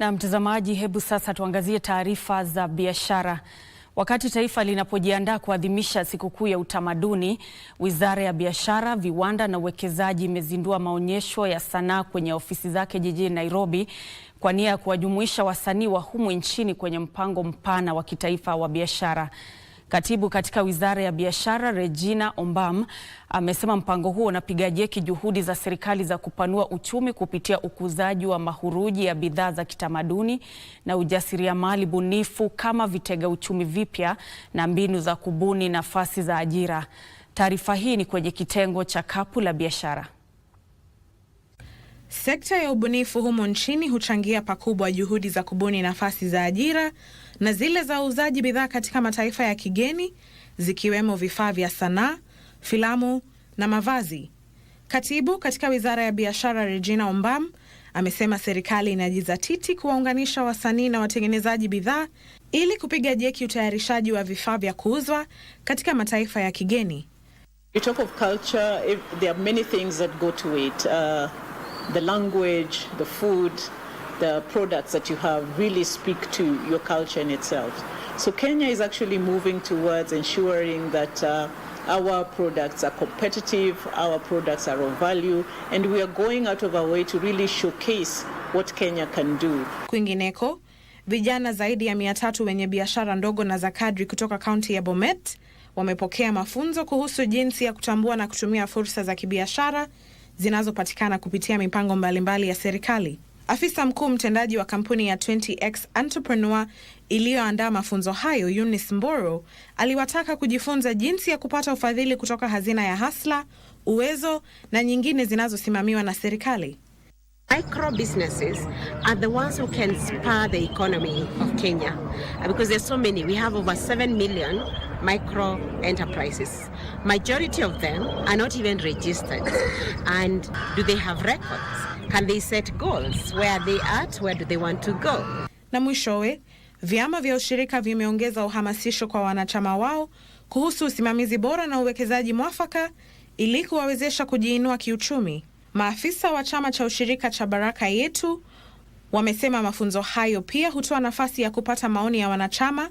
Na mtazamaji, hebu sasa tuangazie taarifa za biashara. Wakati taifa linapojiandaa kuadhimisha sikukuu ya utamaduni, Wizara ya Biashara, Viwanda na Uwekezaji imezindua maonyesho ya sanaa kwenye ofisi zake jijini Nairobi kwa nia ya kuwajumuisha wasanii wa humu nchini kwenye mpango mpana wa kitaifa wa biashara. Katibu katika Wizara ya Biashara, Regina Ombam, amesema mpango huo unapiga jeki juhudi za serikali za kupanua uchumi kupitia ukuzaji wa mahuruji ya bidhaa za kitamaduni na ujasiriamali bunifu kama vitega uchumi vipya na mbinu za kubuni nafasi za ajira. Taarifa hii ni kwenye kitengo cha Kapu la Biashara. Sekta ya ubunifu humo nchini huchangia pakubwa juhudi za kubuni nafasi za ajira na zile za uuzaji bidhaa katika mataifa ya kigeni zikiwemo vifaa vya sanaa, filamu na mavazi. Katibu katika Wizara ya Biashara Regina Ombam amesema serikali inajizatiti kuwaunganisha wasanii na watengenezaji bidhaa ili kupiga jeki utayarishaji wa vifaa vya kuuzwa katika mataifa ya kigeni. You talk of culture, if there are many things that go to it. Uh the language, the food, the products that you have really speak to your culture in itself. So Kenya is actually moving towards ensuring that uh, our products are competitive, our products are of value, and we are going out of our way to really showcase what Kenya can do. Kwingineko, vijana zaidi ya mia tatu wenye biashara ndogo na za kadri kutoka kaunti ya Bomet wamepokea mafunzo kuhusu jinsi ya kutambua na kutumia fursa za kibiashara zinazopatikana kupitia mipango mbalimbali ya serikali. Afisa mkuu mtendaji wa kampuni ya 20X Entrepreneur iliyoandaa mafunzo hayo, Eunice Mboro, aliwataka kujifunza jinsi ya kupata ufadhili kutoka hazina ya Hasla, Uwezo na nyingine zinazosimamiwa na serikali. Micro businesses are the ones who can spur the economy of Kenya because there's so many we have over 7 million micro enterprises. Majority of them are not even registered. And do they have records? Can they set goals? Where are they at? Where do they want to go? Na mwishowe, vyama vya ushirika vimeongeza uhamasisho kwa wanachama wao kuhusu usimamizi bora na uwekezaji mwafaka ili kuwawezesha kujiinua kiuchumi. Maafisa wa chama cha ushirika cha Baraka Yetu wamesema mafunzo hayo pia hutoa nafasi ya kupata maoni ya wanachama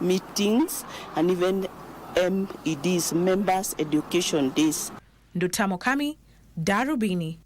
meetings and even MEDs, members education days. Ndutamo Kami, Darubini.